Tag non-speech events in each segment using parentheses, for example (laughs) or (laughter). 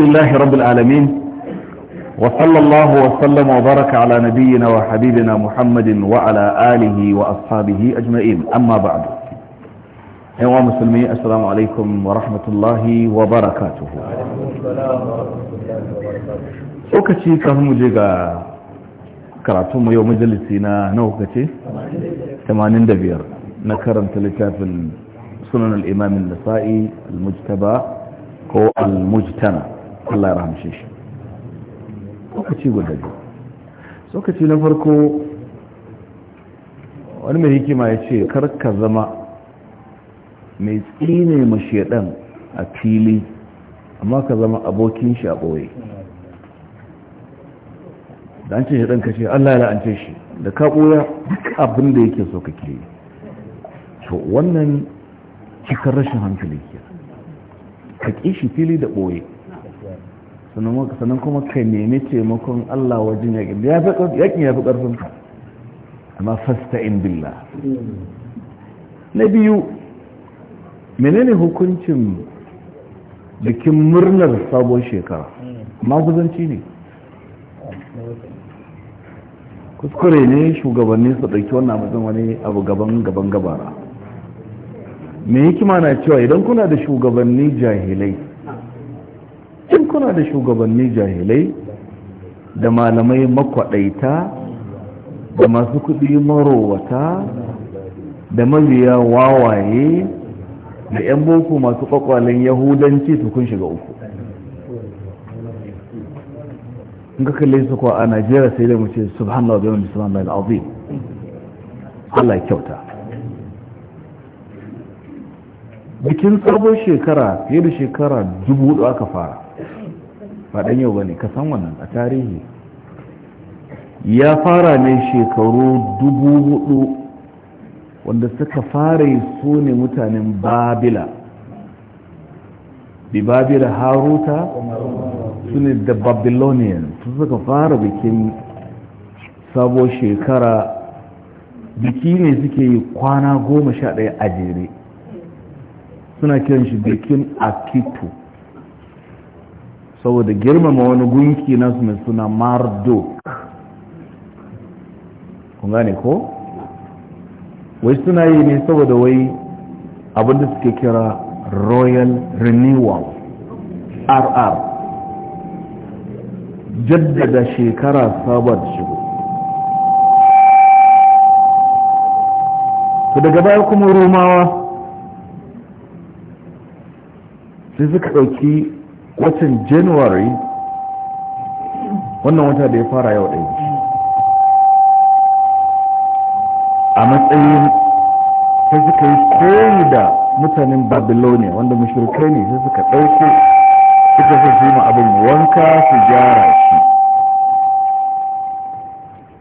الحمد لله رب العالمين وصلى الله وسلم وبارك على نبينا وحبيبنا محمد وعلى آله وأصحابه أجمعين أما بعد أيها المسلمين السلام عليكم ورحمة الله وبركاته lokaci kafin mu je يوم karatunmu yau majalisi na nawa kace 85 na karanta littafin sunan al-imam an-nasa'i Allah ya rahamshe shi lokaci guda biyu lokaci na farko wani mai hikima ya ce karka zama mai tsine mashaɗan a fili amma ka zama abokin shi a ɓoye da an ce shi ka kashe Allah ya la'ance shi da ka ɓoya duk abin da yake so ka ke to wannan cikar rashin hankali ke ka ƙi shi fili da ɓoye sannan kuma ka nemi taimakon Allah wajen yakin yakin ya fi ƙarfin ka amma fasta in billah na biyu menene hukuncin bikin murnar sabon shekara maguzanci ne kuskure ne shugabanni su ɗauki wannan mutum wani abu gaban gaban gabara me hikima na cewa idan kuna da shugabanni jahilai suna da shugabanni jahilai da malamai makwaɗaita da masu kuɗi marowata da mabiya wawaye da 'yan boko masu ƙwaƙwalin yahudanci su kun shiga uku in ka kalle su kuwa a najeriya sai da mu ce subhanallah wa bihamdihi subhanallah al-azim Allah ya kyauta bikin sabon shekara fiye da shekara dubu da aka fara ba dan yau bane ka san wannan a tarihi ya fara ne shekaru dubu hudu wanda suka fara su ne mutanen babila bi babila haruta su ne da babylonian su suka fara bikin sabo shekara biki ne suke yi kwana goma sha ɗaya a jere suna kiran shi bikin akitu saboda girmama wani gunki na su mai suna mardo kun gane ko wai suna yi ne saboda wai abinda suke kira royal renewal rr jaddada shekara sabar shigo to daga baya kuma rumawa sai suka ɗauki watan january wannan wata da ya fara yau ɗaya a matsayin sai suka yi koyi da mutanen babilonia wanda mashirka ne sai suka ɗauke suka su su ma abin wanka su gyara shi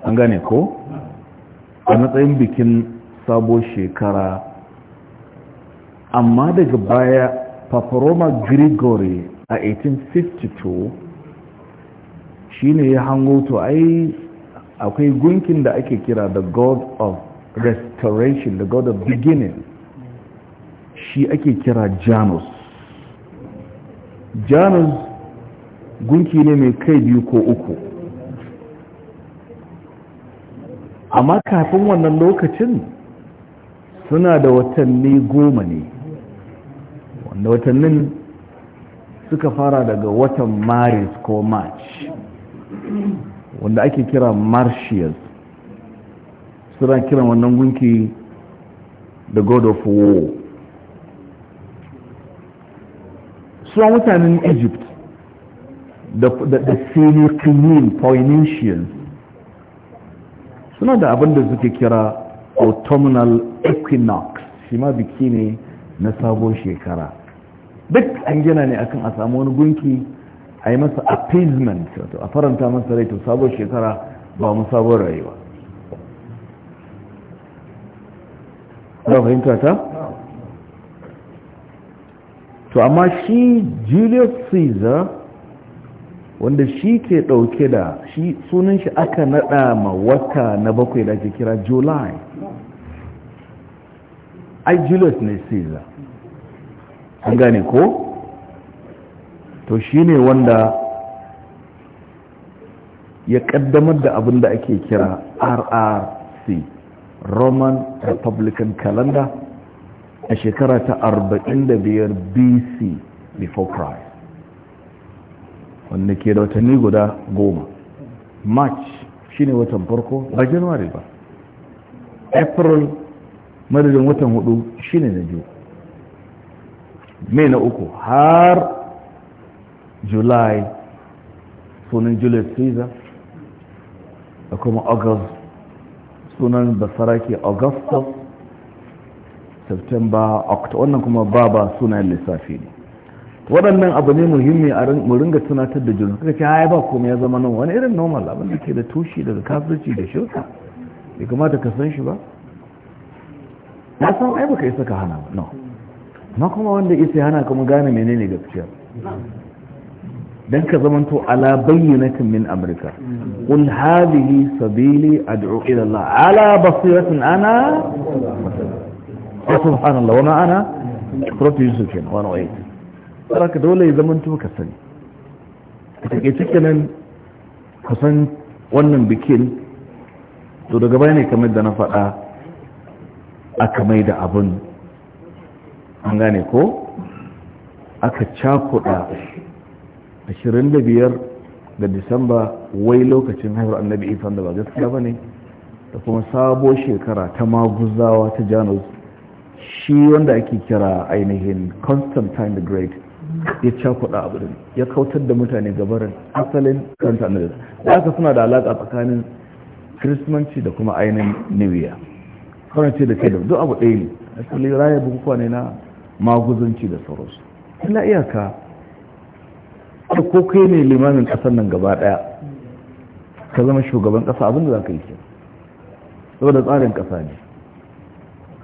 an gane ko a matsayin bikin sabo shekara amma daga baya paparoma grigori a 1852 shine ya hango to ai akwai gunkin da ake kira the god of restoration the god of beginning shi ake kira janus janus gunki ne mai kai biyu ko uku amma kafin wannan lokacin suna da watanni goma ne wanda watannin suka fara daga watan maris ko march wanda ake kira martians suna kiran wannan gunki the god of war suna mutanen egypt da phoenicians phoenicians suna da abin da suke kira autumnal equinox shi ma biki ne na sabon shekara duk an gina ne akan a samu wani gunki a yi masa appeasement wato a faranta masa rai to sabon shekara ba mu sabon rayuwa ba fahimta ta? to amma shi julius caesar wanda shi ke dauke da shi sunan shi aka naɗa ma wata na bakwai da ake kira july ai julius ne caesar an gane ko to shine wanda ya kaddamar da abin da ake kira rrc roman republican calendar a shekara ta 45 bc before christ wanda ke da watanni guda goma march shine watan farko ba january ba april madadin watan hudu shine na biyu mai na uku har july sunan julius caesar da kuma august sunan basarake augustus september october wannan kuma baba sunan lissafi ne waɗannan abu ne muhimmi a ringa tunatar da jirgin suka ce ya ba kuma ya zama nan wani irin normal abin da ke da tushe daga kafirci da shirka ya kamata ka san shi ba na san ai baka isa ka hana ba no na kuma wanda isa hana kuma gane menene gaskiya dan ka zamanto ala bayyinatin min amrika qul hadhihi sabili ad'u ila allah ala basiratin ana subhanallah wa ma ana suratu yusuf kenan wa na'ayt saraka dole ya zamanto ka sani take cikin nan san wannan bikin to daga baya ne kamar da na faɗa aka mai da abin an gane ko aka cakuɗa 25 da disamba wai lokacin haihuwar annabi isa da ba gaskiya ba ne da kuma sabo shekara ta maguzawa ta janus shi wanda ake kira ainihin constantine the great ya cakuɗa abu ya kautar da mutane gabarin asalin kanta annabi da aka suna da alaƙa tsakanin kirismanci da kuma ainihin new year kawai ce da ke da duk abu ɗaya ne asali raya bukukuwa ne na maguzanci da sauransu illa iyaka da ko kai ne limamin ƙasar nan gaba ɗaya ka zama shugaban ƙasa abinda za ka yi ke saboda tsarin ƙasa ne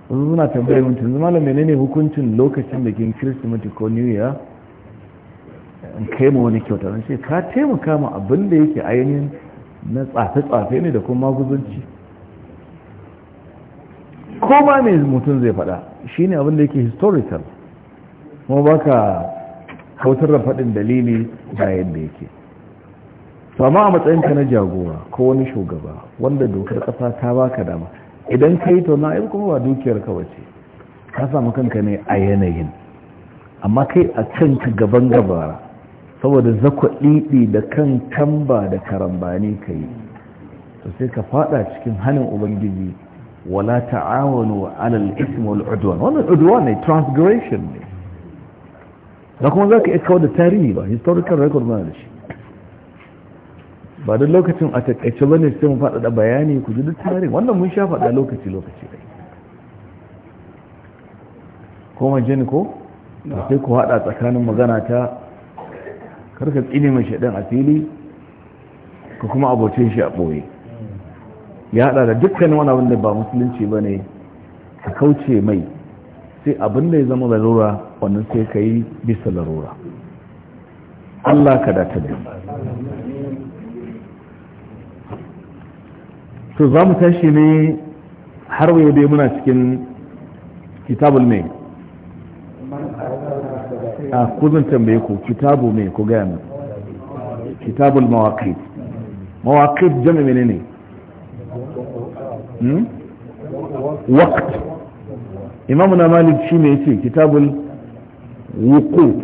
wasu suna tambayar mutum zama da menene hukuncin lokacin da kin kirsimeti ko new year in kai ma wani kyauta don ce ka taimaka ma abin da yake ainihin na tsafe-tsafe ne da kuma maguzanci ko ma mai mutum zai faɗa shi ne abinda yake historical kuma ba ka kautar da faɗin dalili da yadda yake sama a matsayinka na jagora ko wani shugaba wanda dokar ƙasa ta ba ka dama idan ka yi tauna yau kuma ba dukiyar ka wace ka samu kanka ne a yanayin amma kai a kanka gaban gabara saboda zakwa ɗiɗi da kan tamba da karambani ka yi sai ka fada cikin hannun ubangiji wala ta'awanu alal ismi wal wannan udwan ne transgression ne da kuma zaka iya kawo da tarihi ba historical record mana da shi ba da lokacin a takaice bane sai mu faɗaɗa bayani ku ji duk tarihi wannan mun sha faɗa lokaci lokaci dai kuma jini ko sai ku haɗa tsakanin magana ta karka tsine mai shaɗin a fili ka kuma abocin a ɓoye ya hada da dukkanin wani abin da ba musulunci ba ne ka kauce mai sai abin da ya zama larura wannan sai ka yi bisa larura Allah ka data da to za mu tashi ne har wayo dai muna cikin kitabul mai a kuzin tambaye ku kitabu mai ku gaya mu kitabul mawaƙi mawaƙi jami'ai ne ne Hmm? waqt imamu na malik shi ne kitabul wuqut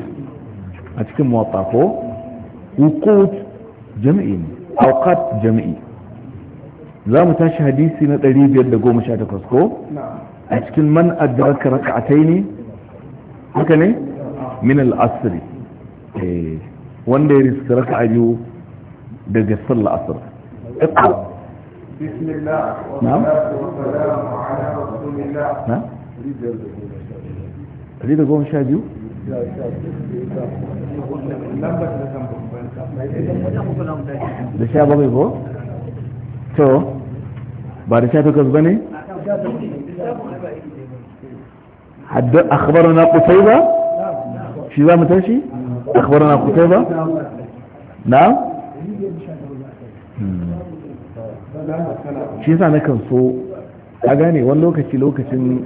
a cikin muwatta ko wuqut jami'i ne awqat jami'i za mu tashi hadisi na 518 ko a cikin man adraka rak'ataini haka ne min al-asr eh, wanda ya riska raka'a biyu daga sallar asr بسم الله والصلاة والسلام على رسول الله نعم ريدو قوم شاديو da sha bakwai ko? to ba da sha takwas ba ne? haddar akhbarar na kusai ba? shi za mu tashi? akhbarar na kusai ba? na? shi yasa nakan so a gane wani lokaci lokacin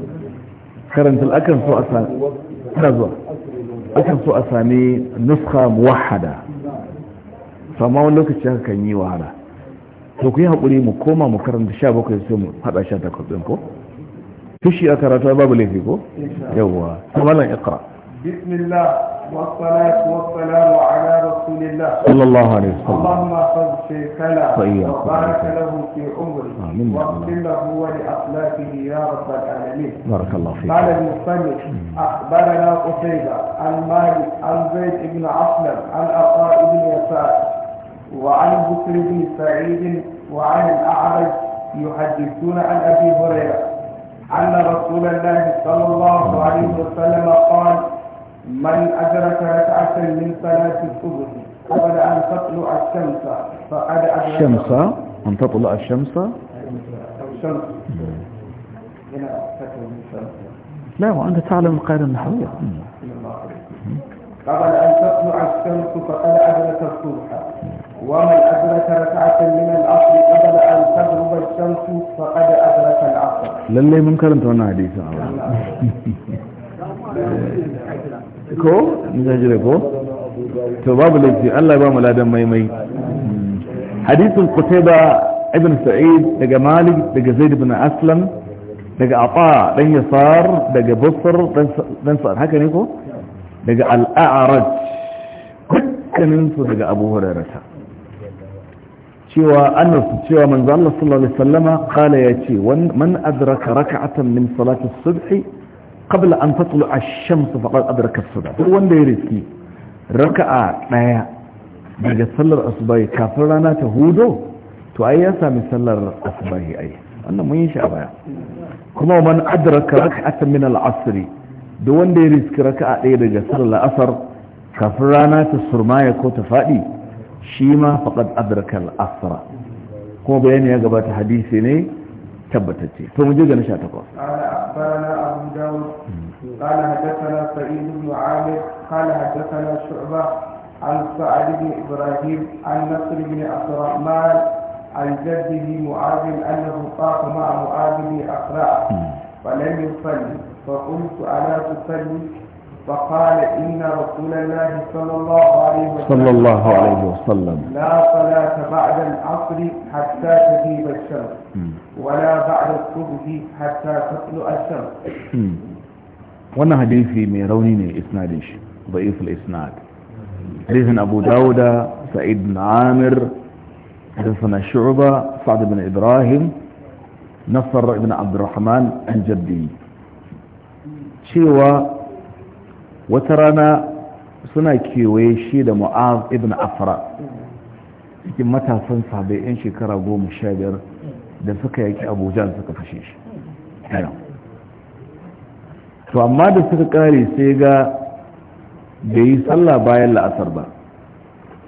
karanta akan so a sami zuwa akan so a sami nuska muwahada sama wani lokaci haka kan yi wahala to ku yi haƙuri mu koma mu karanta sha bakwai sai mu haɗa sha takwas ɗin ko fushi a karatu babu laifi ko yawwa malam ikra bismillah والصلاة والسلام على رسول الله صلى الله عليه وسلم اللهم احفظ شيخنا طيب. وبارك له في عمره واغفر له ولأخلاقه يا رب العالمين بارك الله فيك قال المسلم أخبرنا قتيبة عن مالك عن زيد بن عصلب عن عطاء بن يسار وعن بكر بن سعيد وعن الأعرج يحدثون عن أبي هريرة أن رسول الله صلى الله عليه وسلم قال من أدرك ركعة من صلاة الصبح قبل أن تطلع الشمس فقد أدرك الشمس أن تطلع الشمس الشمس لا وأنت تعلم القاعدة النحوية قبل أن تطلع الشمس فقد أدرك الصبح ومن أدرك ركعة من العصر قبل أن تغرب الشمس فقد أدرك العصر للي من كلمة وانا حديثة ko nisan jira ko to babu laifi Allah ba mu ladan maimai hadisin kutaiba ibn sa'id daga malik daga zaid ibn aslam daga aqa dan yasar daga busr dan sa'ad haka ne ko daga al-a'raj dukkanin su daga abu hurairah cewa annabi cewa manzo Allah sallallahu alaihi wasallama kala yace man adraka rak'atan min salati as-subh Kabla an tatlu ash-shams faqad adraka as-subh duk wanda ya riski a ɗaya daga sallar asubahi kafin rana ta hudo to ai ya sami sallar asubahi ai wannan mun yi shi a baya kuma man adraka raka'atan min al-asr duk wanda ya riski raka'a daya daga sallar asar kafin rana ta surmaya ko ta faɗi, shi ma faqad adraka al kuma bayani ya gabata hadisi ne tabbatacce to mu قال ga أبو 18 قال حدثنا سعيد بن عامر قال حدثنا شعبة عن سعد بن ابراهيم عن نصر بن عبد الرحمن عن جده معاذ انه طاف مع معاذ بن اخراء فلم يصلي فقلت الا تصلي فقال إن رسول الله صلى الله عليه وسلم صلى الله عليه وسلم لا صلاة بعد العصر حتى تغيب الشمس ولا بعد الصبح حتى تطلع الشمس وانا حديثي mai rauni ne ضعيف الاسناد حديث ابو داود سعيد بن عامر حدثنا شعبة سعد بن إبراهيم نصر بن عبد الرحمن الجدي شيوا وترانا سنا كيوي شيد معاذ ابن عفراء متى سنصح بإن شكرا قوم الشابر da suka yaki abuja suka fashe shi to amma da suka kare sai ga da yi sallah bayan la'asar ba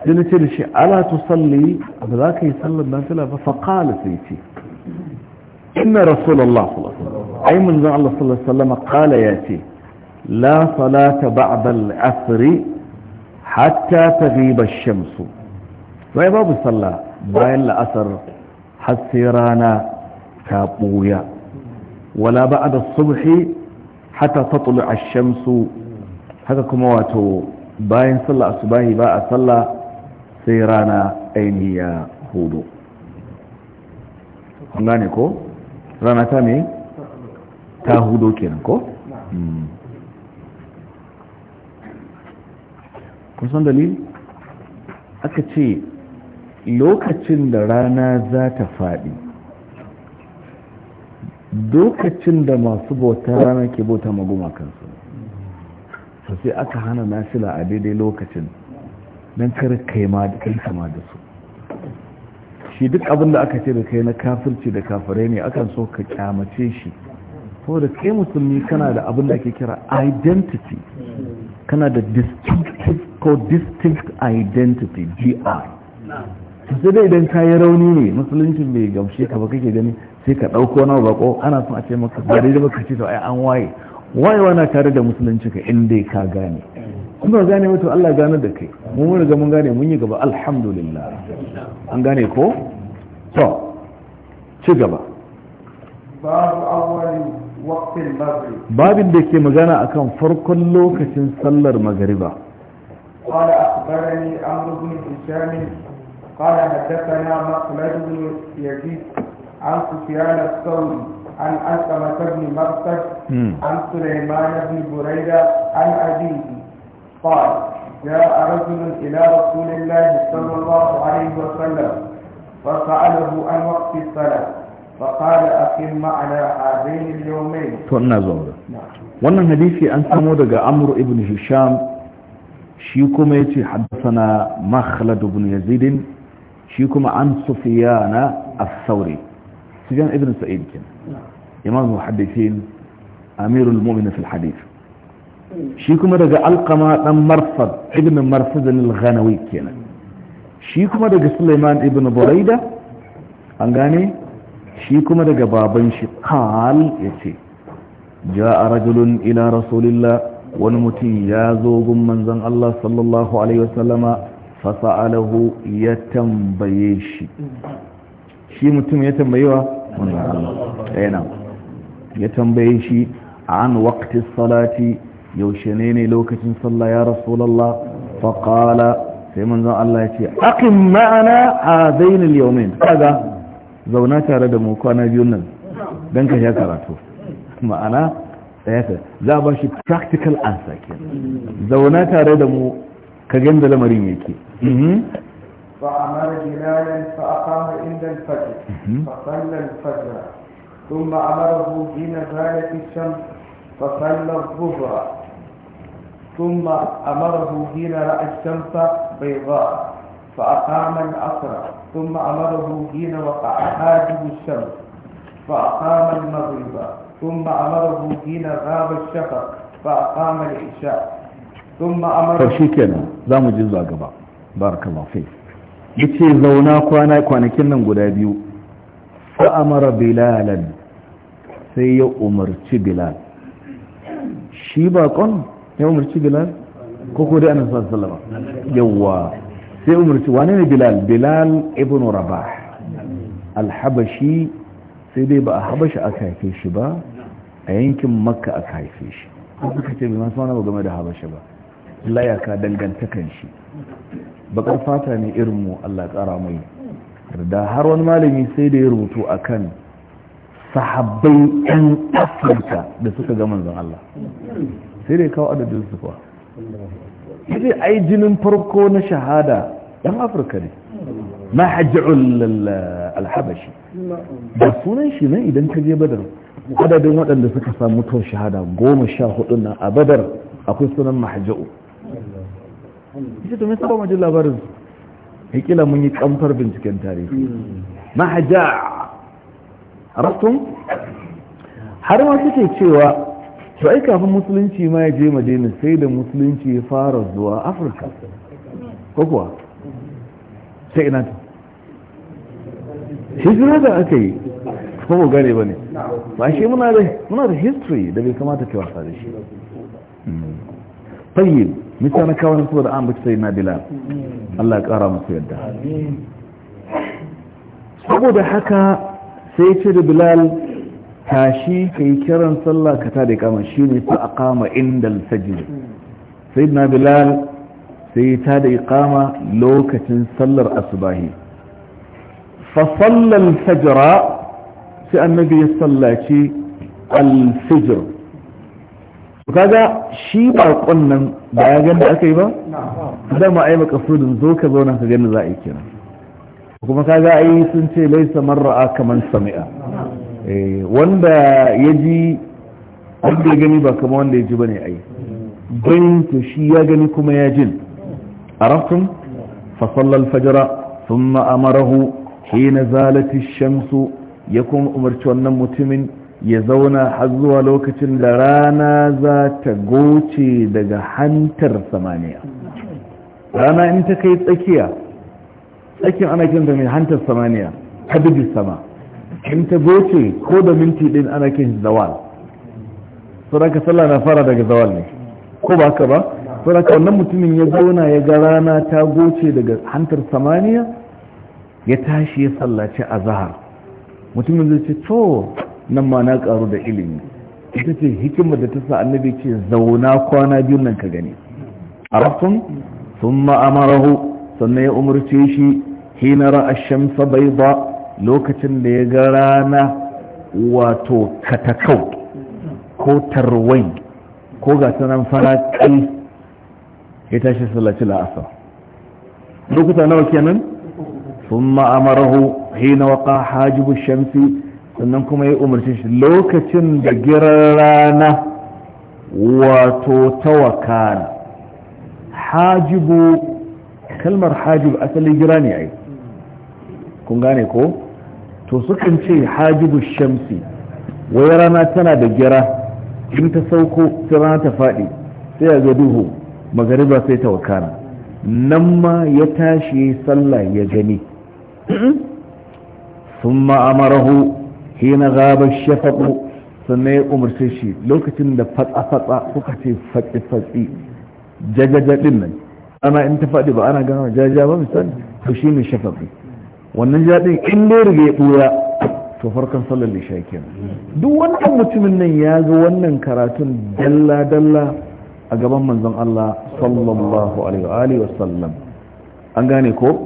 sai ce da shi ala tu salli ba za ka yi sallar nafila ba faƙala sai ce inna rasulallah ai manzon Allah sallallahu alaihi wasallam ya ce la salata ba'da al-asr hatta taghiba ash-shams wai babu sallah bayan la'asar har sai rana ta ɓuya wala ba da subhi hata tatulu a shamsu haka kuma wato bayan sallah asubahi ba a sallah sai rana ainihi ya hudu an gane ko rana ta me ta hudu kenan ko hmm. kusan dalil aka ce lokacin da rana za ta faɗi lokacin da masu bauta rana ke bauta kansu su sai aka hana nasila a daidai lokacin don kai ma da su shi duk abin da aka ce da kai na kafirci da kafirai ne akan so ka kyamace shi saboda kai musulmi kana da abin da ake kira identity kana da distinctive ko distinct identity di sai dai idan kayi rauni ne musuluncin bai gamshe ka ba kake gani sai ka ɗauko na bako ana son a ce maka ba da maka ce to ai an waye wayewa na tare da musulunci ka in dai ka gane kun ba gane wato Allah gane da kai mun riga mun gane mun yi gaba alhamdulillah an gane ko to ci gaba babu awwali waqtil maghrib babin da ke magana akan farkon lokacin sallar magariba قال أخبرني عمرو بن هشام قال حدثنا مخلد بن يزيد عن سفيان الثوري عن أسلمة بن مرثد عن سليمان بن بريدة عن أبيه قال جاء رجل إلى رسول الله صلى الله عليه وسلم فسأله عن وقت الصلاة فقال أقم معنا هذين اليومين تنظر wannan hadisi an samo daga amru ibn hisham shi kuma yace haddathana makhlad ibn yazid shi kuma an a as-sauri sufyan ibn sa'id kin imam muhaddithin amirul mu'min fil hadith shi kuma daga alqama dan marfad ibn marfad al-ghanawi kenan shi kuma daga sulaiman ibn buraida an gane shi kuma daga baban shi qal yace ja'a rajulun ila rasulillah wani mutum ya zo gun manzan Allah sallallahu alaihi wasallama fasa'alahu ya tambaye shi shi mutum ya tambayewa yana ya tambaye shi an waqti salati yaushe ne ne lokacin sallah ya rasulullah faqala sai manzon Allah ya ce aqim ma'ana hadain al-yawmin kaga zauna tare da mu kwana biyu nan dan ka ya karatu ma'ana tsaya za ba shi practical answer kenan zauna tare da mu ka ganda lamarin yake فأمر بلالا فأقام عند الفجر فصلى الفجر ثم أمره حين زالت الشمس فصلى الظهر ثم أمره حين رأى الشمس بيضاء فأقام العصر ثم أمره حين وقع حاجب الشمس فأقام المغرب ثم أمره حين غاب الشفق فأقام العشاء ثم أمره za mu ji zuwa gaba barakallahu fi yace zauna kwana kwanakin nan guda biyu fa amara bilalan sai ya umarci bilal shi bakon ya umarci bilal ko ko dai annabi sallallahu alaihi wasallam yawa sai umarci wane ne bilal bilal ibn rabah al-habashi sai dai ba a habasha aka haife shi ba a yankin makka aka haife shi ko kuka ce bai masu wani game da habasha ba layaka dangantakan shi bakar fata ne irin mu Allah tsara mai da har wani malami sai da ya rubutu akan sahabbai yan afirka da suka ga manzon Allah sai dai kawo adadin su kuwa yace ai jinin farko na shahada yan afirka ne ma hajjul al-habashi da sunan shi ne idan ka je badar adadin waɗanda suka samu to shahada goma sha hudu na a badar akwai sunan mahajjul ita domin saba majin labarin ya kila mun yi kamfar binciken tarihi mahaja rastun har ma suke cewa to ai kafin musulunci ma ya je madina sai da musulunci ya fara zuwa afirka ko kuwa sai ina ta hijira da aka yi kuma gane ba ne ba shi muna da history da bai kamata ke wasa da shi hmm. tayyib mutane kawai saboda an baki sai na bilal Allah ya kara musu yadda saboda haka sai ce da bilal tashi ka yi kiran sallah ka ta da kama shi ne a kama inda sajid sai na bilal sai ta da kama lokacin sallar asubahi fa sallar fajira sai annabi ya sallaci alfijir kaga shi baƙon nan ba ya ganda aka yi ba dama ai makasudin zo ka zauna ka gani za a yi kira kuma kaga ai sun ce laisa mar'a kaman sami'a eh, wanda ya ji wanda ya gani ba kama wanda ya ji bane ai don to shi ya gani kuma ya jin arafin fasallar fajara sun ma'amarahu shi na zalati shamsu ya kuma umarci wannan mutumin ya zauna har zuwa lokacin da rana za ta goce daga hantar samaniya rana in ta kai tsakiya tsakin ana kinta mai hantar samaniya ta dubi sama in ta goce ko da minti din ana kin zawal raka sallah na fara daga zawal ne ko ba ka ba raka wannan mutumin ya zauna ya ga rana ta goce daga hantar samaniya ya tashi ya sallaci a zahar mutumin zai ce to nan ma na karu da ilimi ita ce hikimar da ta sa annabi ce zauna kwana biyun nan ka gani arafun sun ma'amarahu sannan ya umarce shi hina a shamsa bai ba lokacin da ya ga rana wato katakau ko tarwai ko ga sanan fara kai ya tashi sallaci la'asa lokuta nawa kenan sun ma'amarahu hina waka hajibu shamsi sannan kuma ya umarci shi lokacin da girar rana wato tawakana hajibu kalmar hajibu asalin gira ne ai kun gane ko to sukan ce hajibu shamsi wai rana tana da gira in ta sauko sai rana ta faɗi sai ya duhu magariba sai ta wakana nan ma ya tashi sallah ya gani sun ma'amarahu hina gaba shafaqu sannan ya umarce shi lokacin da fatsa-fatsa suka ce fatsi-fatsi jajajadin nan ana in ta faɗi ba ana gano jajaja ba misali to shi ne shafafi wannan jaɗin in dai rige ya ɓura to farkon sallar da shakin duk wannan mutumin nan ya ga wannan karatun dalla-dalla a gaban manzon Allah sallallahu alaihi wa sallam an gane ko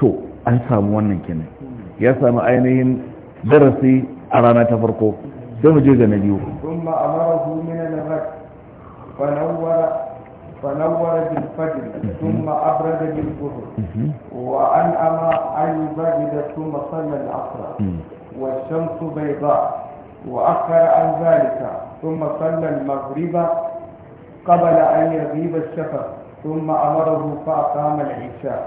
to an samu wannan kenan ya samu ainihin درسي a تفرقو ta farko sai ثم أمره من الرك فنور فنور بالفجر ثم أبرد بالظهر وأنأم أن البعد ثم صلى العصر والشمس بيضاء وأخر عن ذلك ثم صلى المغرب قبل أن يغيب الشفق ثم أمره فأقام العشاء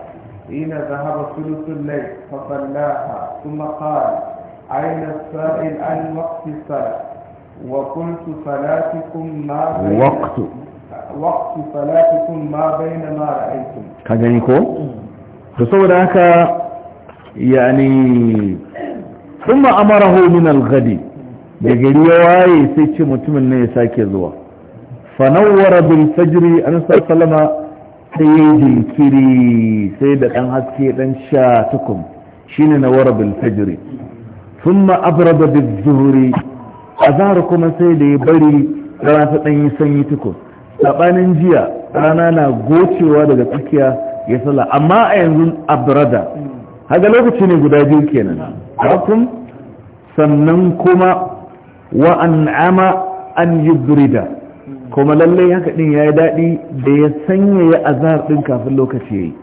حين ذهب ثلث الليل فصلاها ثم قال أين السائل عن وقت الصلاة وقلت صلاتكم ما بين وقت وقت صلاتكم ما بين ما رأيتم كذلك فصور هكا يعني ثم أمره من الغد بجري واي سيتش متمن يساكي زوا فنور بالفجر أن صلى الله عليه وسلم سيجي كري سيدة أن هسكي أن شاتكم شين نور بالفجر sun ma'abrada da zuhuri a zahar kuma sai da ya bari rana ta ɗanyi sanyi tukun saɓanin jiya rana na gocewa daga tsakiya ya amma a yanzu abrada haga lokaci ne guda biyu kenan rakun sannan kuma wa an'ama an yubrida kuma lallai haka ɗin ya yi daɗi da ya sanyaya azhar ɗin kafin lokaci yayi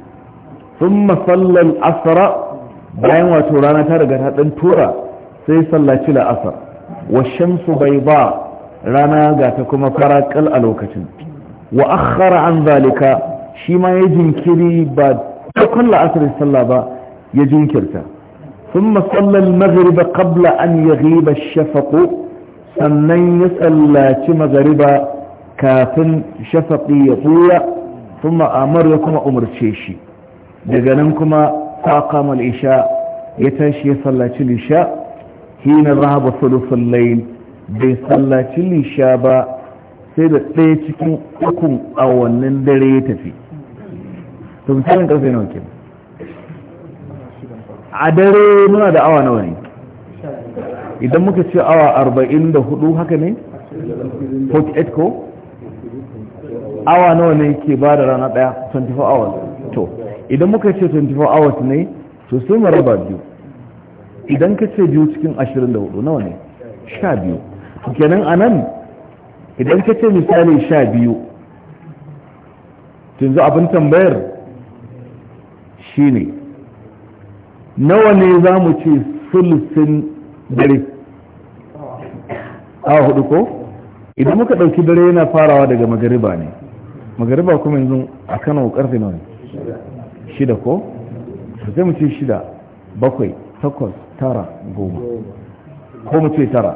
thumma sallal asra bayan wato rana ta riga ta ɗan tura sai sallaci la'asar wa bai ba rana ga ta kuma farakal a lokacin wa akhara an shi ma ya jinkiri ba takon la'asar salla ba ya jinkirta sun ثم magariba المغرب قبل أن riba shafaƙu sannan ya tsallaci magariba kafin shafaƙi ya ɓuya kuma amur ya kuma umarce shi daga nan kuma ta kamal isha ya tashi ya tsallaci lisha hina zahaba sulusul layl bai sallaci lisha ba sai da ɗaya cikin ukun awannin dare ya tafi to misalin karfe nawa ke a dare muna da awa nawa ne idan muka ce awa arba'in da hudu haka ne 48 ko awa nawa ne ke ba da rana daya 24 hours to idan muka ce 24 hours ne to sai mu raba biyu idan ka ce biyu cikin ashirin da hudu nawa ne sha biyu kenan a nan idan ka ce misali sha biyu tunzu abin tambayar shi ne nawa ne za mu ce sulsin dare a hudu ko idan muka ɗauki dare yana farawa daga magariba ne magariba kuma yanzu a kano karfe nawa shida ko sai mu ce shida bakwai takwas tara goma ko mu ce tara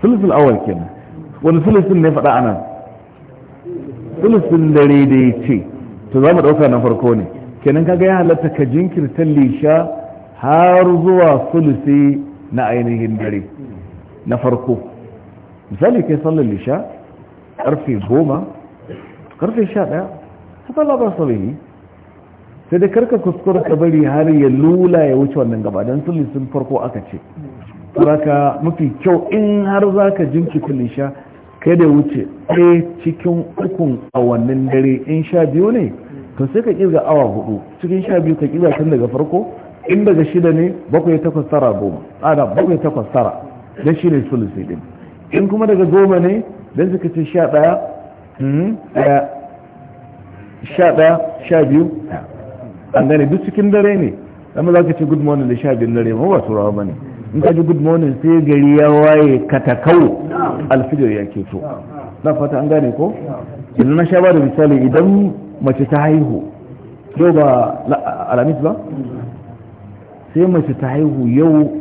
sulusul awal kenan wani sulusun ne faɗa anan sulusun dare da ya ce to za mu ɗauka na farko ne kenan kaga ya halatta ka jinkirta lisha har zuwa sulusi na ainihin dare na farko misali kai sallar lisha ƙarfe goma ƙarfe sha ɗaya ta sallar ba sabihi sai da karka kuskura ka bari har ya lula ya wuce wannan gaba don sulli sun farko aka ce saraka mafi kyau in har za ka jinkita sha kai da wuce ɗaya cikin ukun awannin dare in sha biyu ne to sai ka kirga awa hudu cikin sha biyu ka kirga tun daga farko in daga shida ne bakwai takwas tara goma tsada bakwai takwas tara don shi ne sulusi din in kuma daga goma ne don suka ce sha hmm, ɗaya sha ɗaya sha biyu an gane duk cikin dare ne amma za ka ce good morning da sha biyun dare ma ba rawa ba ne in ka ji good morning sai gari ya waye katakau alfijir ya ke to na fata an gane ko yanzu na sha ba da misali idan mace ta haihu yau ba alamis ba sai mace ta haihu yau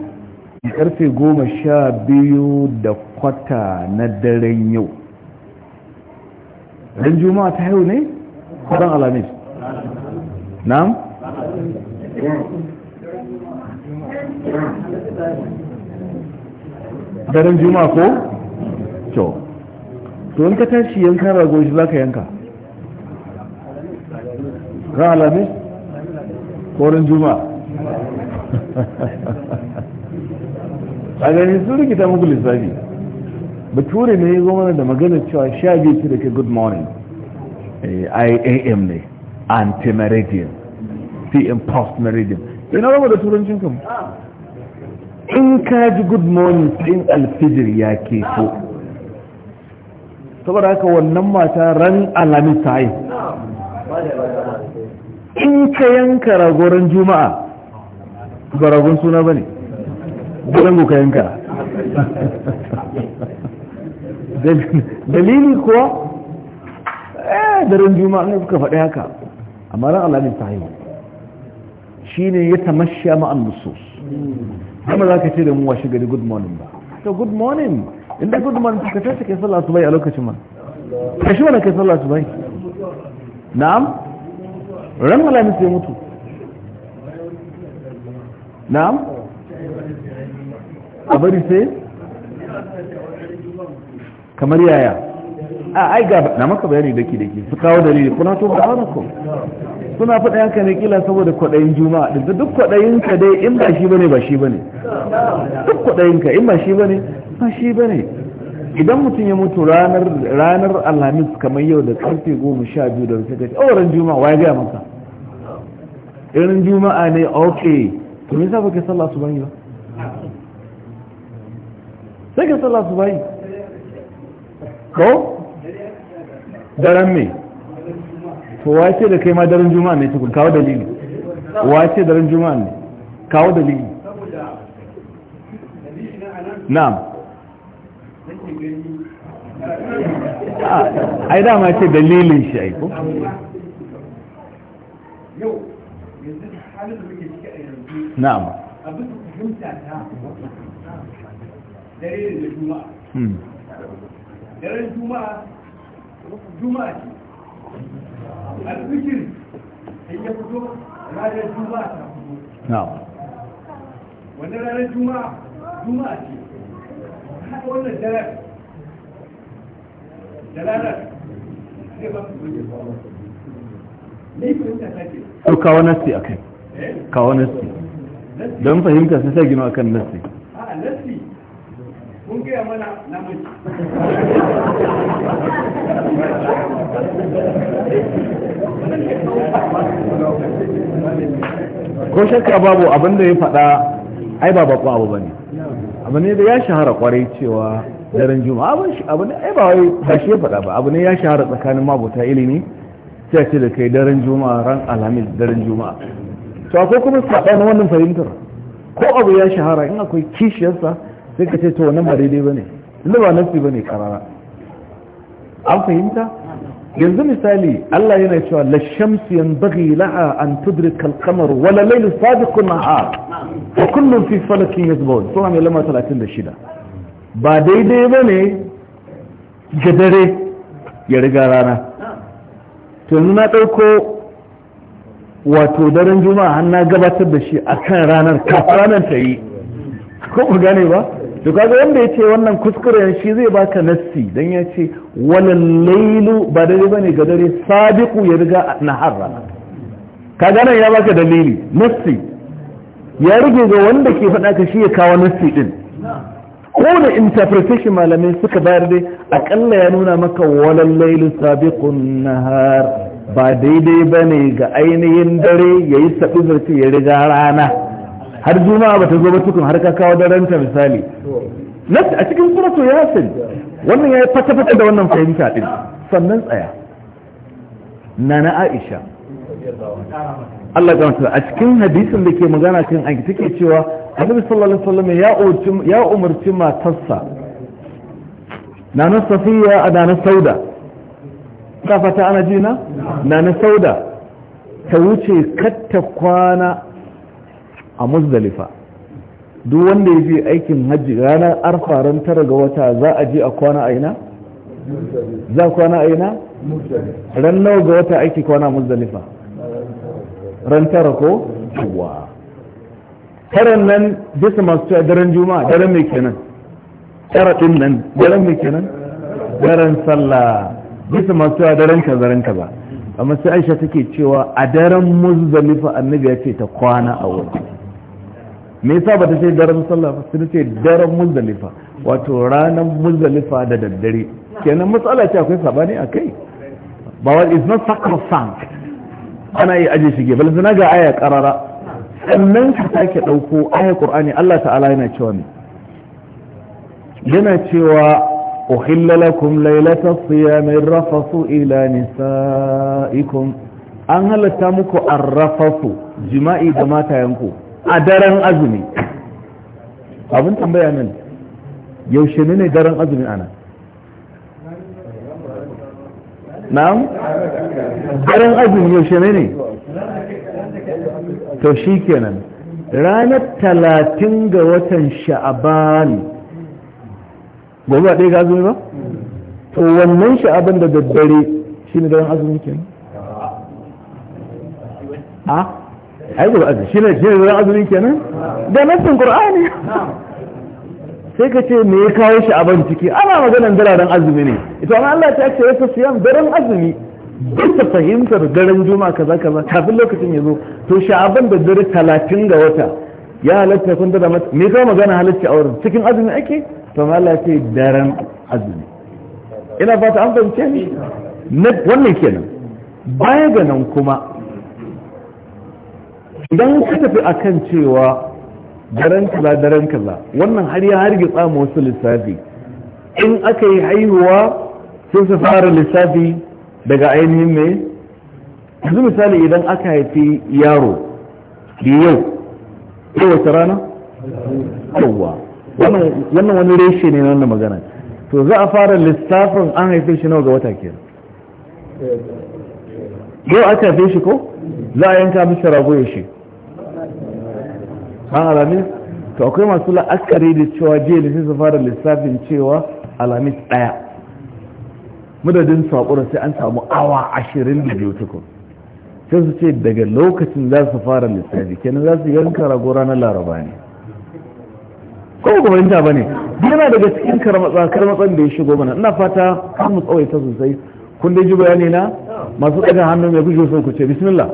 karfe goma sha biyu da kwata na daren yau ɗan juma'a ta haihu ne ko alamis na'am daren juma'a ko to to in ka tashi yanka rago shi za ka yanka ran alamis ko juma'a (laughs) a gani sun rikita muku lissafi bature ne ya zo mana da magana cewa sha biyu ce da ke good morning eh, iam ne anti-meridian fi in post-meridian ina rama da turancin kan in ka ji good morning in alfijir ya ke so saboda haka wannan mata ran alami ta yi in ka yanka ragoran juma'a ba ragon suna ba ne gudan ka yanka (laughs) dalili kuwa eh daren juma'a ne suka faɗi haka amma ran alamin ta haihu shine ne ya tamasha ma'an nusus kuma za ka ce da mu washe gari good morning ba to good morning inda good morning ka tashi kai sallah subai a lokacin man ka shi mana ke sallah subai na'am ran alamin sai mutu na'am a bari sai kamar yaya a ai ga na maka bayani da ke su kawo dalili kuna to da wani ko suna faɗa yanka ne kila saboda kwaɗayin juma'a da duk kwaɗayin ka dai in ba shi bane ba shi bane duk kwaɗayin ka in ba shi bane ba shi bane idan mutum ya mutu ranar ranar alhamis kamar yau da karfe goma sha biyu da rufe kace oh ran juma'a waye ga maka irin juma'a ne okay to me yasa ke sallah subahi ba sai ka sallah subahi ko daren me to wace da kai ma daren juma'a ne tukun kawo dalili wace daren juma'a ne kawo dalili na'am yi ah, dama ce dalilin shi aiko a yi na'am abin da fahimta ta dare da juma'a daren juma'a juma'a alfikir in ya fito ranar juma'a ta fito wannan ranar juma'a juma'a ce haka wannan dalar dalalar zai ba su zuwa ba ne fahimta ta ce kawo nasti a kai eh? kawo nasti don fahimta sai sa gino akan nasti a nasti kun gaya mana na mace. (laughs) ko shakka babu abin da ya faɗa ai ba babu abu bane abu ne da ya shahara kwarai cewa daren juma'a ban shi abu ne ai ba wai ba shi ya faɗa ba abu ne ya shahara tsakanin mabuta ilimi sai ce da kai daren juma'a ran alhamis daren juma'a to akwai kuma na wannan fahimtar ko abu ya shahara in akwai kishiyarsa sai ka ce to wannan ba daidai bane ba nasi bane karara an fahimta yanzu misali Allah yana cewa la shamsu yanbaghi laha an tudrika al-qamar wa la laylu sabiqun nahar wa kullun fi falakin yasbahun sura mai lama 36 ba daidai bane ga dare ya riga rana to yanzu na dauko wato daren juma'a har na gabatar da shi akan ranar kafin ranar ta yi ko ku gane ba to kaga wanda ya ce wannan kuskuren shi zai baka nassi don ya ce wani lailu ba dare ne ga dare sabiku ya riga nahar rana kaga nan ya baka dalili nassi ya rige ga wanda ke faɗa ka shi ya kawo nassi din ko da interpretation malamai suka bayar dai akalla ya nuna maka wani lailu sabiqun nahar ba daidai ba ne ga ainihin dare ya yayi sabi zarce ya riga rana har juma'a ba ta zo ba tukun har ka kawo da ranta misali nas a cikin suratu yasin wannan ya yi fata fata da wannan fahimta din sannan tsaya nana aisha Allah ga masa a cikin hadisin da ke magana kan aiki take cewa Annabi sallallahu alaihi wasallam ya umarci ya umarci matarsa nana safiya a nana sauda ka fata ana jina nana sauda ta wuce katta kwana a muzdalifa duk wanda ya je aikin hajji ranar arfa ran tara ga wata za a je a kwana aina za kwana aina ran nawa ga wata aiki kwana muzdalifa ran tara ko wa taran nan bisa masu cewa daren juma'a daren mai kenan tara din nan daren mai kenan daren sallah bisa masu cewa daren zaren daren ba amma sai aisha take cewa a daren muzdalifa annabi ya ce ta kwana a wurin me yasa ba ta ce daren sallah ba sun ce daren muzdalifa wato ranar muzdalifa da daddare kenan matsala ce akwai sabani a kai ba wani is not sacrosanct ana yi aje shige bal zina ga aya karara sannan ka sake dauko aya qur'ani Allah ta'ala yana cewa ne yana cewa uhilla lakum laylata siyami rafasu ila nisaikum an halatta muku arrafasu jima'i da matayanku a daren azumi abin tambaya nan yaushe ne daren azumi ana na'am daren azumi yaushe ne ne to shi kenan ranar talatin ga watan sha'aban gobe a ɗaya ga azumi ba to wannan sha'aban da daddare shi ne daren azumi kenan a ai gobe azumi shi ne shi ne zan azumin kenan da nassin qur'ani sai ka ce me ya kawo shi a ban ciki ana maganar dararen azumi ne ita amma Allah ta ce yasa siyan daren azumi duk da fahimtar daren juma kaza kaza kafin lokacin ya zo to sha'aban da dare talatin ga wata ya halatta kun da mata me kawo magana halatta a wurin cikin azumi ake to ma Allah ce daren azumi ina fata an fahimce ni wannan kenan baya ga nan kuma idan ka tafi akan cewa daren kaza daren kaza wannan har ya harge tsama wasu lissafi in aka yi haihuwa sun su fara lissafi daga ainihin ne yanzu misali idan aka haifi yaro da yau yau wata rana yauwa wannan wani reshe ne na wannan magana to za a fara lissafin an haife shi nawa ga wata ke yau aka haife shi ko za a yanka mishi rago ya shi an alamis to akwai masu la'akari da cewa jiya da sai su fara lissafin cewa alamis ɗaya madadin saƙura sai an samu awa ashirin da biyu tuku sai su ce daga lokacin za su fara lissafi kenan za su yanka rago ranar laraba ne ko kuma yin ba ne yana daga cikin karmatsan da ya shigo mana ina fata kan mu tsawaita sosai kun dai ji bayani na masu ɗaga hannu mai guje so ku ce bismillah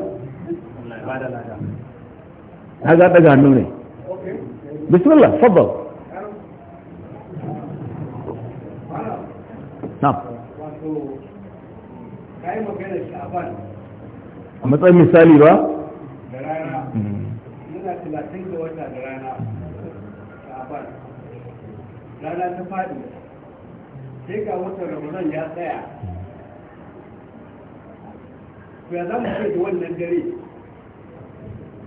haga daga hannu ne bismillah faddal na a matsayin misali ba da rana da ta faɗi sai ga watan ramadan ya tsaya ya wannan dare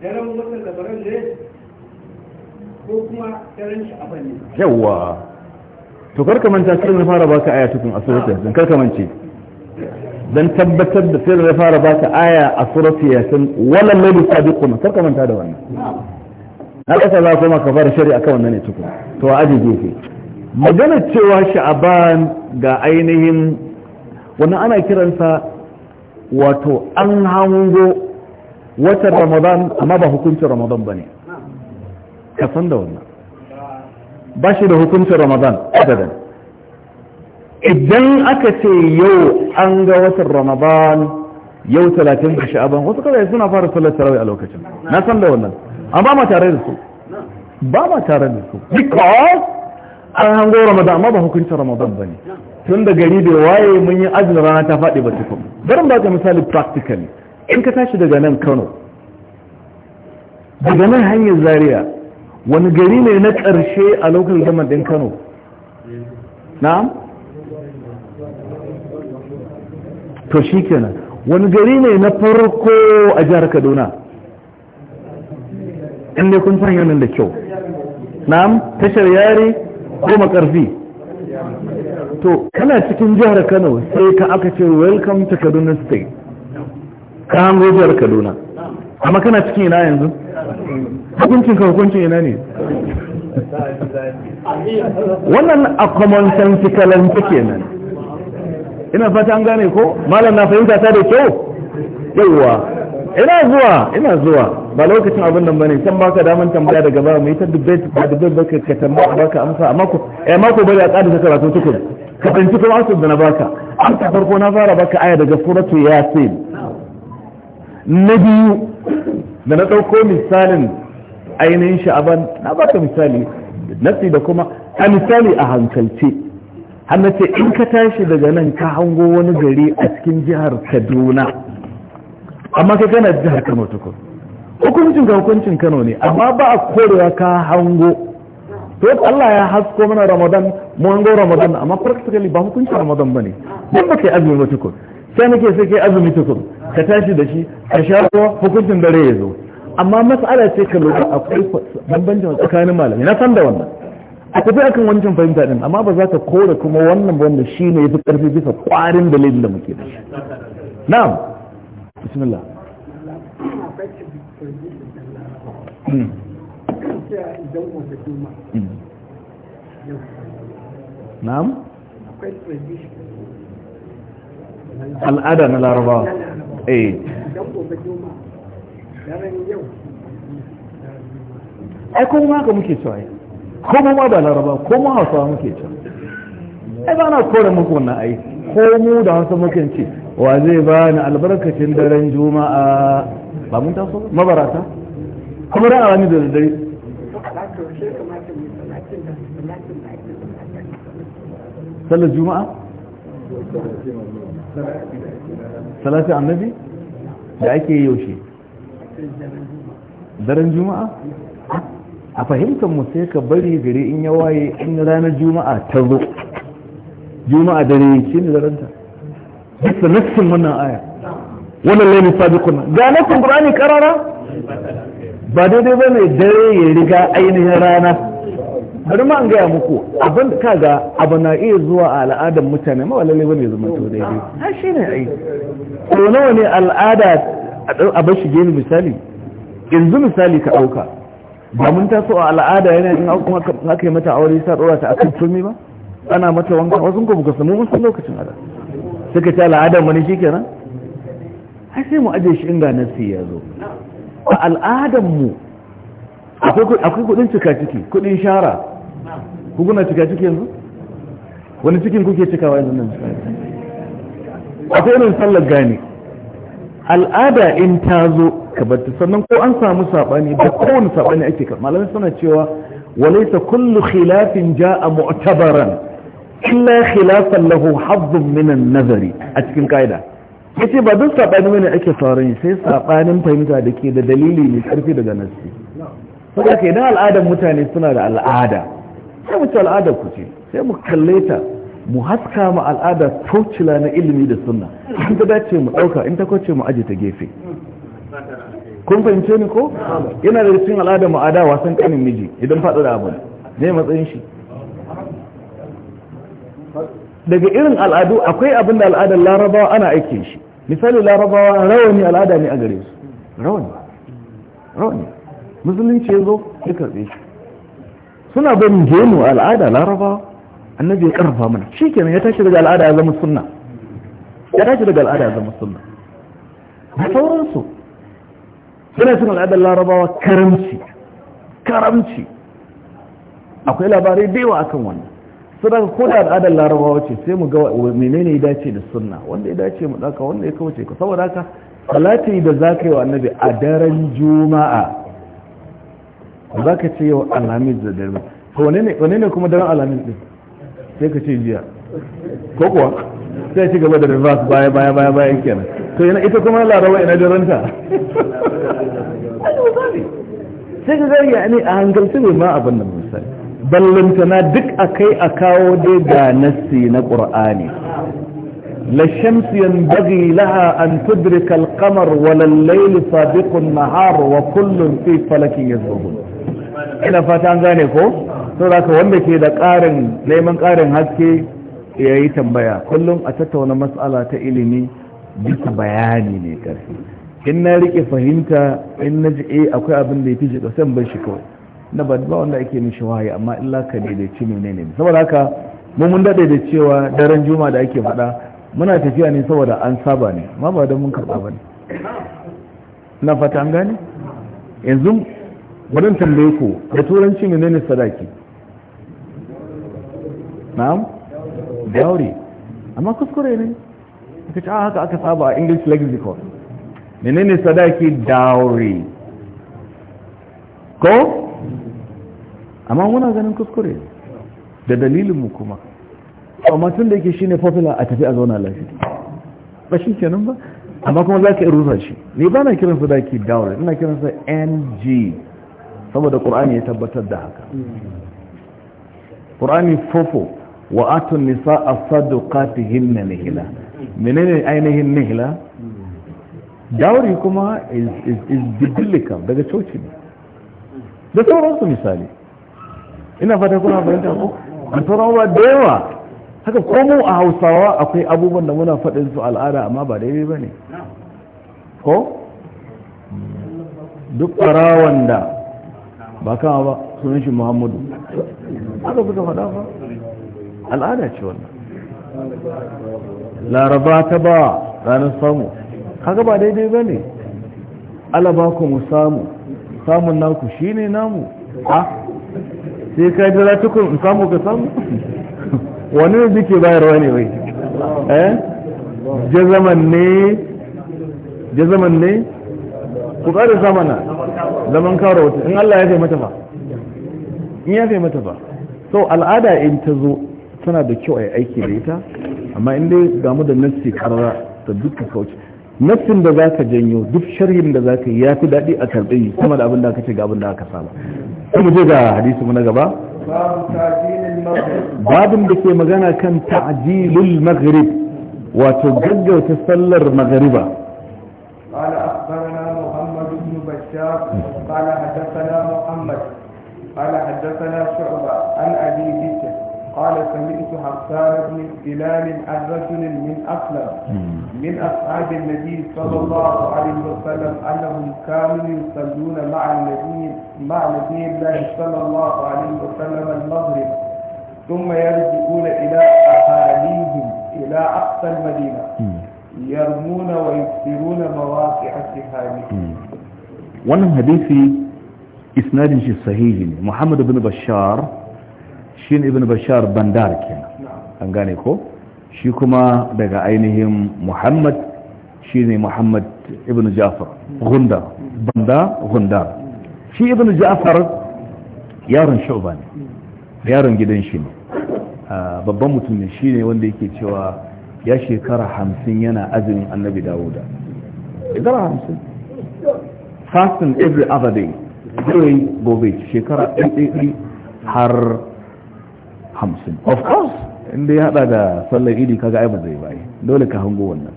daren watan labaran ne ko kuma daren shi a yawa to karka manta sirrin na fara baka aya tukun a suratul dan karka mance dan tabbatar da sirrin na fara baka aya a suratul yasin wala ladu sabiqun karka manta da wannan na kasa za kuma ka fara shari'a kan wannan ne tukun to a aji gefe magana cewa sha'aban ga ainihin wannan ana kiransa wato an hango watan ramadan amma ba hukuncin ramadan ba ne ka san da wannan ba shi da hukuncin ramadan adadan idan aka ce yau an ga watan ramadan yau talatin da sha'aban wasu kawai suna fara sallar tarawai a lokacin na san da wannan amma ma tare da su ba ma tare da su because an hango ramadan amma ba hukuncin ramadan ba ne tun da gari da waye mun yi ajin rana ta faɗi ba tukun bari ba ka misali practically in ka tashi daga nan kano daga nan hanyar zaria wani gari ne na ƙarshe a lokacin gama ɗin kano na to shi kenan wani gari ne na farko a jihar kaduna inda kun san yanin da kyau na'am tashar yare ko makarfi to kana cikin jihar kano sai ka aka ce welcome to kaduna state ka zo jihar kaduna amma kana cikin ina yanzu hukuncin ka hukuncin ina ne wannan a common sense kalan take nan ina fata an gane ko malam na fahimta ta da kyau yauwa ina zuwa ina zuwa ba lokacin abin nan bane can baka daman tambaya daga ba mai ta dubbe ba dubbe baka ka tambaya baka amsa amma ko eh mako bari a tsada ta karatu tukun ka bincika kuma asir da na baka an ta farko na fara baka aya daga suratul yasin na biyu da na ɗauko misalin ainihin sha'aban na baka misali na da kuma a misali a hankalce hannace in ka tashi daga nan ka hango wani gari a cikin jihar kaduna amma ka kana jihar kano tukun hukuncin ka hukuncin kano ne amma ba a korewa ka hango to Allah ya hasko mana ramadan mu hango ramadan amma practically ba hukuncin ramadan bane dan ba kai azumi ba tukun sai nake sai kai azumi tukun ka tashi da shi a shafo hukuncin dare ya zo amma matsala ce ka lura akwai bambancin tsakanin malami na san da wannan a tafi akan wancan fahimta din amma ba za ka kore kuma wannan wanda shi ne ya fi karfi bisa kwarin dalilin da muke da shi na'am bismillah hmm. Hmm. na'am al'ada na larabawa eh ai kuma haka muke cewa ko mu ma ba laraba ko mu hausawa muke cewa ai ba na kore muku wannan ai ko mu da hausa muke ce wa zai ba ni albarkacin daren juma'a ba mun taso mabarata kuma ran awani da dare sallar juma'a salatin annabi da ake yaushe daren juma'a a fahimtar mu sai ka bari gari in ya waye in ranar juma'a ta zo juma'a dare shi ne daren ta bisa nassin wannan aya wannan laini sabiqun ga nassin qur'ani karara ba daidai bane dare ya riga ainihin rana bari ma an gaya muku abin ga abu na iya zuwa a al'adar mutane ma walalle bane zama to daidai ha ne ai ko nawa ne al'ada a bar shige ni misali yanzu misali ka dauka ba mun taso a al'ada yana jin kuma aka yi mata aure sa dora ta akan turmi ba ana mata wanka wasu ko buga samu wasu lokacin ada suka ci al'adar wani shi kenan ai sai mu aje shi inda nasi ya zo a al'adar mu akwai kudin cika ciki kudin shara ku kuna cika ciki yanzu wani cikin kuke cikawa yanzu nan ta irin sallar gane al'ada in ta zo ka batta sannan ko an samu sabani da kowane sabani ake ka malamai suna cewa walaita kullu khilafin a mu'tabaran illa khilafan lahu hazzun minan nazari a cikin kaida yace ba duk sabani ne ake sauran sai sabanin fahimta da ke da dalili mai karfi daga nasi saboda idan al'adar mutane suna da al'ada sai mu ci al'ada ku ce sai mu kalle ta mu haska ma al'ada tocila na ilimi da sunna in ta dace mu ɗauka in ta kwace mu aje ta gefe kun fahimce ni ko yana da cikin al'ada mu ada wasan kanin miji idan faɗa da abu ne matsayin shi daga irin al'adu akwai abin da al'adar larabawa ana aike shi misali larabawa rawani al'ada ne a gare su rawani rawani musulunci ya zo ya karɓe shi suna barin genu al'ada laraba annabi ya karfa mana shi kenan ya tashi daga al'ada ya zama sunna ya tashi daga al'ada ya zama sunna da sauransu suna cin al'adar larabawa karamci karamci akwai labarai da yawa akan wannan suna ko da al'adar larabawa ce sai mu ga menene ya dace da sunna wanda ya dace mu daka wanda ya kawace ka saboda haka salati da zaka yi wa annabi a daren juma'a za ka ce yau alhamis da dare to wane ne kuma daren alhamis din sai ka ce jiya ko kuwa sai ci gaba da reverse baya baya baya baya kenan to yana ita kuma laraba ina daren ta sai ka zai yani a hankalci bai ma abin da misali ballantana duk a kai a kawo dai ga nassi na qur'ani la shamsu yanbaghi laha an tudrika al-qamar wa al-layli sabiqu an-nahar wa kullun fi falakin yasbahun ina fata an gane ko to za ka wanda ke da ƙarin neman ƙarin haske ya yi tambaya kullum a tattauna matsala ta ilimi bisa bayani ne ƙarfi in na rike fahimta in na ji eh akwai abin da ya fi shi ƙasan bai shi kawai na ba ba wanda ake mishi waye amma illa ka ci ne ne saboda haka mu mun daɗe da cewa daren juma da ake faɗa muna tafiya ne saboda an saba ne ma ba don mun karɓa ba ne na fata an gane yanzu gwanin tambaye ku da turanci ne sadaki na'am dauri amma kuskure ne aka ci ah, haka aka saba a english lexicon menene sadaki dauri ko amma muna ganin kuskure da dalilinmu kuma amma tun da yake shine popular a tafi a zauna lafiya ba shi kenan ba amma kuma za ka iya rusa shi ne ba na kiransa daki dowry ina kiransa ng saboda ƙur'ani ya tabbatar da haka ƙur'ani fofo wa atun nisa a saduqatihin na nihila menene ainihin nihila dawari kuma is biblical daga coci ne da sauransu misali ina fata kuna fahimta ko an turawa da yawa haka komo a hausawa akwai abubuwan da muna faɗin su al'ada amma ba daidai ba ne ko duk ɓarawan da ba kama ba sunan shi muhammadu aka suka faɗa ba al'ada ce wannan laraba ta ba ranar samu haka ba daidai ba ne alaba mu samu samun naku shi ne namu a sai ka yi dala tukun in samu ka samu (laughs) wani ne zuke bayarwa ne wai eh jazaman ne jazaman ne ku ƙarisa zamanan zaman karo wata in Allah ya fi mata fa in ya fi mata fa so al'ada in ta zo tana da kyau a yi aiki da ita amma in dai damu da nassi karara da duka kauce nassin da za ka janyo duk sharhin da za ka yi ya fi daɗi a karɓi kuma da abin da aka ce ga abin da aka saba sai mu je ga hadisi mu na gaba babin da ke magana kan ta'jilul maghrib wato gaggauta sallar maghriba بلال عن رجل من أسلم من أصحاب النبي صلى الله عليه وسلم أنهم كانوا يصلون مع النبي مع نبي الله صلى الله عليه وسلم المغرب ثم يرجعون إلى أهاليهم إلى أقصى المدينة يرمون ويكسرون مواقع سهامهم وانا حديثي اسناد shi sahihi محمد بن بشار شين shi بشار bashar bandar an gane ko shi kuma daga ainihin muhammad shi ne muhammad ibn jafar gunda banda gunda shi ibn jafar yaron shuba ne yaron gidan shi ne ah, babban mutum ne shi ne wanda yake cewa ya shekara hamsin yana azumin annabi dawuda shekara hamsin fasting every other day during gobe shekara ɗaiɗaiɗi har hamsin of course inda ya hada da sallar idi kaga ai ba zai bai dole ka hango wannan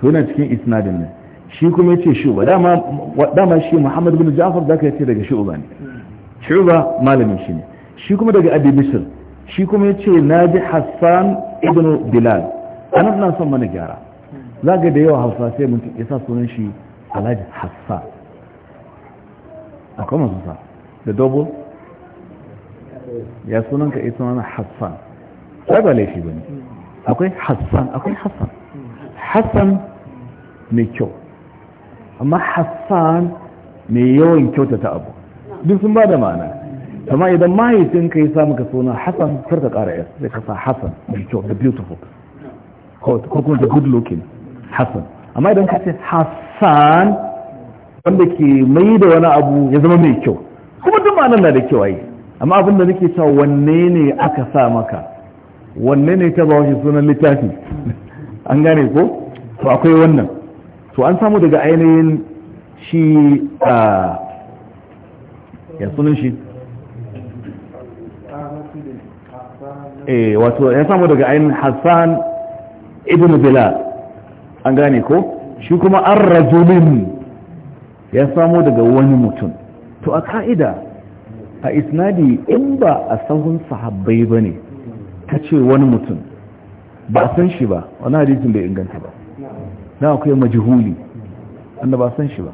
to yana cikin isnadin nan shi kuma yace ba dama dama shi Muhammad bin Ja'far zaka yace daga uba, ne uba malamin shi ne shi kuma daga Abi Bisr shi kuma yace naji Hassan ibn Bilal anan na son mana gyara zaka da yawa Hausa sai mun yasa sunan shi Alhaji Hassan akwai masu sa da double ya sunanka ita mana Hassan sai ba laifi ba ne akwai hassan akwai hassan hassan mai kyau amma hassan mai yawan kyautata abu duk sun ba da ma'ana amma idan mahaifin ka yi samu ka suna hassan kar ka kara yas zai kasa hassan mai kyau the beautiful ko kuma the good looking hassan amma idan ka ce hassan wanda ke mai da wani abu ya zama mai kyau kuma duk ma'anar na da kyau ai amma abin da nake cewa wanne ne aka sa maka wanne ne ta bawa shi sunan littafi an gane ko to akwai wannan to an samu daga ainihin shi a ya sunan shi eh wato ya samu daga ainihin hassan ibn bilal an gane ko shi kuma an rajulin ya samu daga wani mutum to a ka'ida a isnadi in ba a sahun sahabbai ba ne ka ce wani mutum ba san shi ba wani hadisin bai inganta ba na akwai majihuli wanda ba san shi ba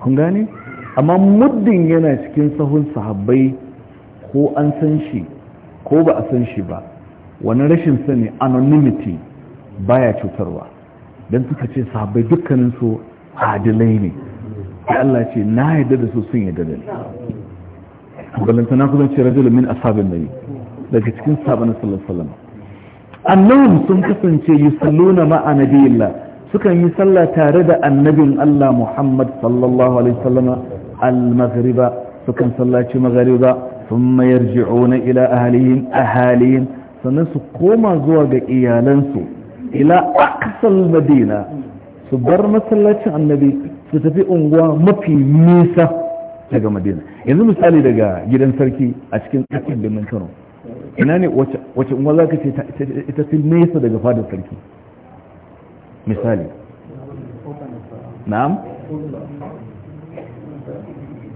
kun gane amma muddin yana cikin sahun sahabbai ko an san shi ko ba a san shi ba wani rashin sani anonymity baya cutarwa don suka ce sahabbai su adilai ne ya Allah ce na yadda da su sun yadda da ni balantana kusan ce rajulun min asabin mai daga cikin sabon sallallahu annahum sun kasance yusalluna ma'a nabiyillah sukan yi sallah tare da annabin Allah Muhammad sallallahu alaihi wasallam al-maghriba sukan sallaci maghriba thumma yarji'una ila ahlihim ahalihim sannan su koma zuwa ga iyalansu ila aqsal madina su bar masallacin annabi su tafi unguwa mafi nisa daga madina yanzu misali daga gidan sarki a cikin tsakiyar birnin Kano ina ne wace unguwa za ka ce ita fi nesa daga fadar sarki misali na'am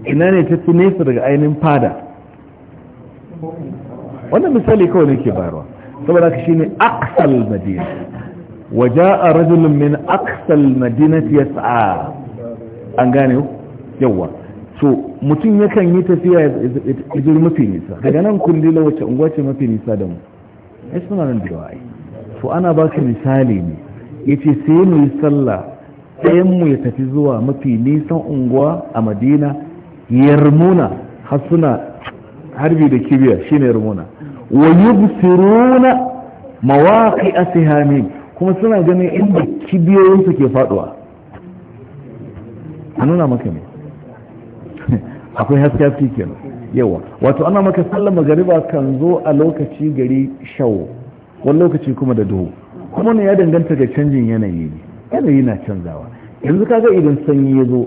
ina ne ta fi nesa daga ainihin fada wannan misali kawai nake bayarwa saboda ka shine aksal madina a rajulun min aksal madinati sa'a an gane yawa so mutum yakan yi tafiya ya zuri mafi nisa daga nan kullila wacce unguwa ce mafi nisa da mu ya suna nan da yawa so ana baka misali ne yace sai mu yi sallah ɗayan mu ya tafi zuwa mafi nisan unguwa a madina yarmuna har suna harbi da kibiya shine yarmuna wa mawaƙi a sihami kuma suna ganin inda kibiyoyinsu ke faduwa a nuna maka ne akwai haske haske kenan yawa wato ana maka sallar magariba kan zo a lokaci gari shawo wani lokaci kuma da duhu kuma ne ya danganta ga canjin yanayi ne yanayi na canzawa yanzu kaga idan sanyi ya zo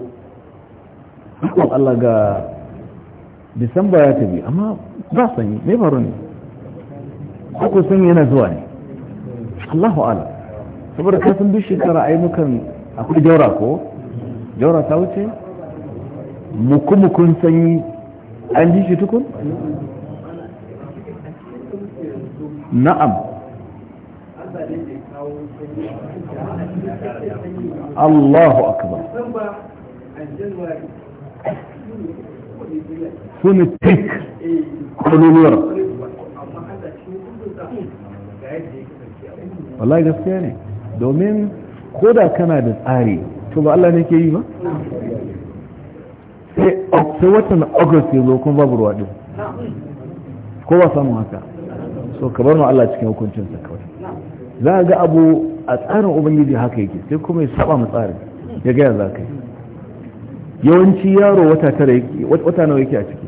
ikon Allah ga disamba ya tafi amma ba sanyi me faru ne ko sanyi yana zuwa ne Allahu ala saboda kasan duk shekara ai mukan akwai jaura ko jaura ta wuce mukumukun sanyi an ji shi tukun na'am Allahu akbar sun tik kululuwar wallahi gaskiya ne domin koda kana da tsari to ba Allah ne ke yi ba sai watan august ya zo kuma babu ruwa ɗin ko ba samun haka so ka bar mu Allah cikin hukuncinsa kawai za a ga abu a tsarin ubangiji haka yake sai kuma ya saba mu tsarin ya gaya za ka yi yawanci yaro wata tara yake wata nawa yake a ciki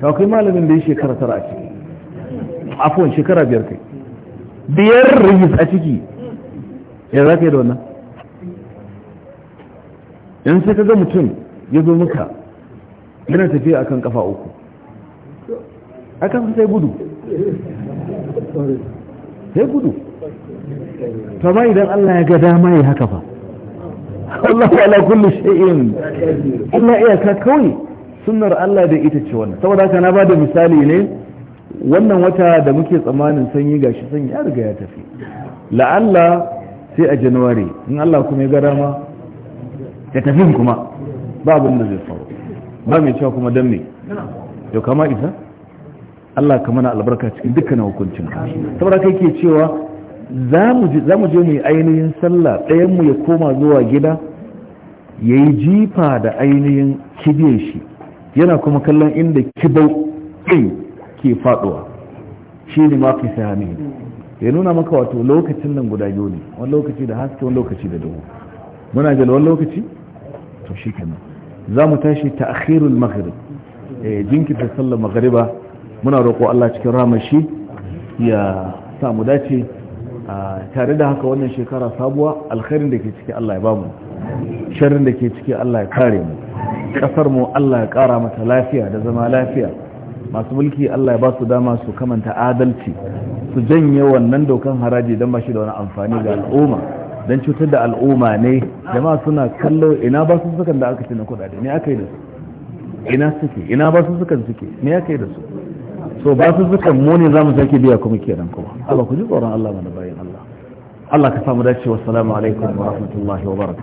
ta kai malamin da ya shekara tara a ciki afon shekara biyar kai biyar rigis a ciki ya za ka yi da wannan in sai ka ga mutum ya zo maka yana tafiya akan kafa uku akan sai gudu sai gudu fama idan Allah ya ga dama ya haka fa Allah ala kulli shay'in Allah ya ka kawai sunnar Allah da ita ce wannan saboda haka na bada misali ne wannan wata da muke tsammanin sanyi gashi sanyi ya riga ya tafi la'alla sai a january in Allah kuma ya ga dama ya tafi kuma babu da zai faru ba mai cewa kuma don me yau kama isa Allah ka mana albarka cikin dukkanin hukuncin ka saboda kai ke cewa za mu je mu yi ainihin sallah ɗayan mu ya koma zuwa gida ya yi jifa da ainihin kibiyar shi yana kuma kallon inda kibau ɗin ke faɗuwa shi ne mafi sami ya nuna maka wato lokacin nan guda biyu ne wani lokaci da haske wani lokaci da duhu muna jala wani lokaci to shi kenan za mu tashi ta akhirul maghrib eh, jinkirta sallar maghriba muna roƙo Allah cikin ramashi ya sa mu dace tare da haka wannan shekara sabuwa alkhairin da ke ciki Allah ya bamu sharrin da ke ciki Allah ya kare mu kasar mu Allah ya kara mata lafiya da zama lafiya masu mulki Allah ya ba su dama su kamanta adalci su janye wannan dokan haraji don ba shi da wani amfani ga al'umma don cutar da al'umma ne jama'a suna kallo ina ba su sukan da aka ce na kudade ne aka yi da su ina suke ina ba su sukan suke ne aka yi da su so ba su sukan mu ne za mu sake biya kuma kenan kuma Allah ku ji tsoron Allah mana bayan Allah Allah ka samu dacewa assalamu alaikum wa rahmatullahi wa barakatuh